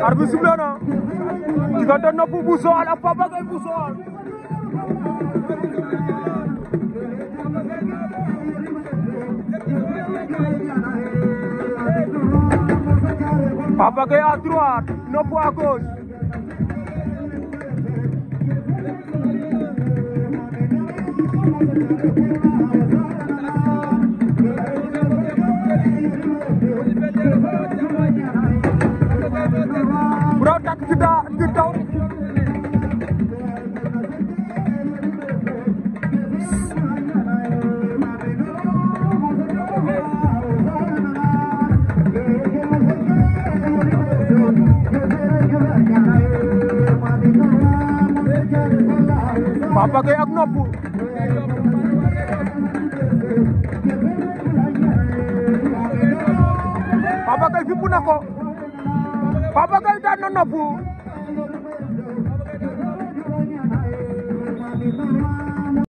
arbi Papa Gueye bu Noppu à kita kita Papa Gueye ak nopp Papa Gueye fipp na ko Papa Gueye daan